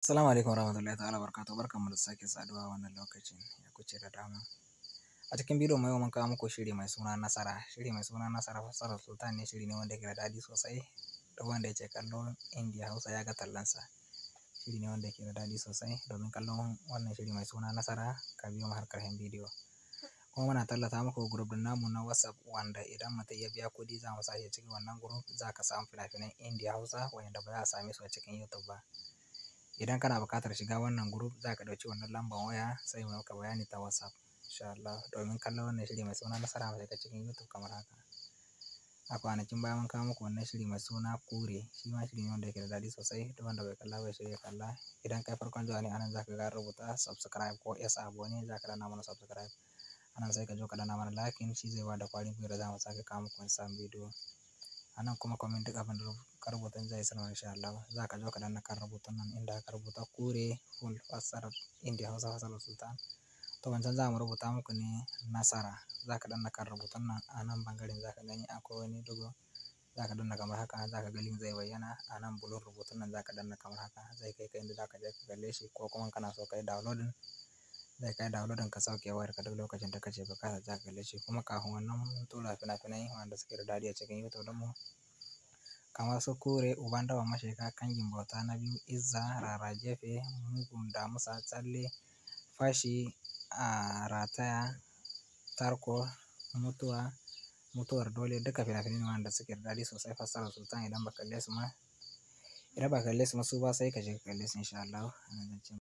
Assalamu alaikum warahmatullahi ta'ala barkatu barkanmu da sake saduwa wannan lokacin ya kuce da dama. A cikin bidiyo mai mun kawo muku shiri mai suna Nasara. Shiri mai suna Nasara fasara Sultan ne shiri ne wanda yake da daɗi sosai da wanda yake kallo India Hausa ya ga tallansa. Shiri ne wanda yake da daɗi sosai domin kallon wannan shiri mai suna Nasara ka biyo mu har karshen bidiyo. Kuma muna tallata muku group din namu na WhatsApp wanda idan mutum ya biya kuɗi za mu sa shi cikin wannan group za ka samu fina-finan India Hausa wanda ba za a same su a cikin YouTube ba. idan kana buƙatar shiga wannan group za ka ɗauki wannan lambar waya sai mu maka bayani ta WhatsApp insha Allah domin kallon wannan shiri mai suna nasara mai daga cikin YouTube kamar haka. A kwanakin baya mun kawo muku wannan shiri mai suna kure shi ma shiri ne wanda yake da daɗi sosai duk wanda bai kalla bai shirya kalla idan kai farkon zuwa ne anan za ka ga rubuta subscribe ko yes abu ne za ka dana mana subscribe anan sai ka zo ka dana mana lakin shi zai ba da kwarin gwiwa da za mu sake kawo muku wani sabon bidiyo. A nan kuma comment duk abin da ka rubuta in zai sanarwa insha Allah. Za ka zo ka danna kan rubutun nan inda ka rubuta kure full fassara inda Hausa fasara Sultan. To wancan za mu rubuta muku ne nasara. Za ka danna kan rubutun nan a nan bangaren za ka gani akwai wani logo. Za ka danna kamar haka za ka ga link zai bayyana a nan bulon rubutun nan za ka danna kamar haka zai kai ka inda za ka je ka kalle shi ko kuma kana so ka yi downloading. zai kai downloadin ka sauke wayarka duk lokacin da kace bukata za ka kalle shi kuma kafin wannan mun tura fina-finai wanda suke da dadi a cikin YouTube din mu kamar su kore uban dawa masheka kangin bauta na biyu izza rara jefe mugun damusa tsalle fashi a rataya tarko mutuwa mutuwar dole duka fina-finai wanda suke da dadi sosai fassara sultan idan ba kalle su ma idan ba kalle su ma su ba sai ka je ka kalle su insha Allah